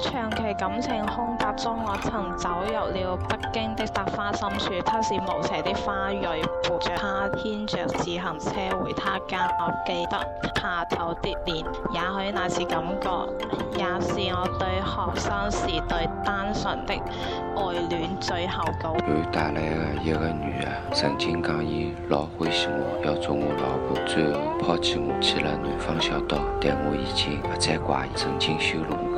長期感情空白中，我曾走入了北京的百花深處，他是無邪的花蕊。扶着他，牽着自行車回他家。我記得下頭跌臉，也許那是感覺也是我對學生時代單純的愛戀。最後告。佢帶來嘅一個女嘅，曾經講：“佢老歡喜我，要做我老婆，最後拋棄我，去了南方小島。但我已經不再怪佢，曾經羞辱我。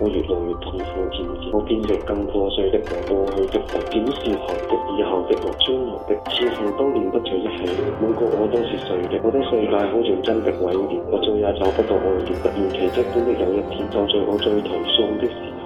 我越來越痛苦，漸漸我變成更破碎的我。過去的我點是學的，以後的我將來的似乎都連不在一起。每個我都是誰的？我的世界好像真的毀滅，我再也找不到愛。突然奇迹般的有一天，就在我最頹喪的時候。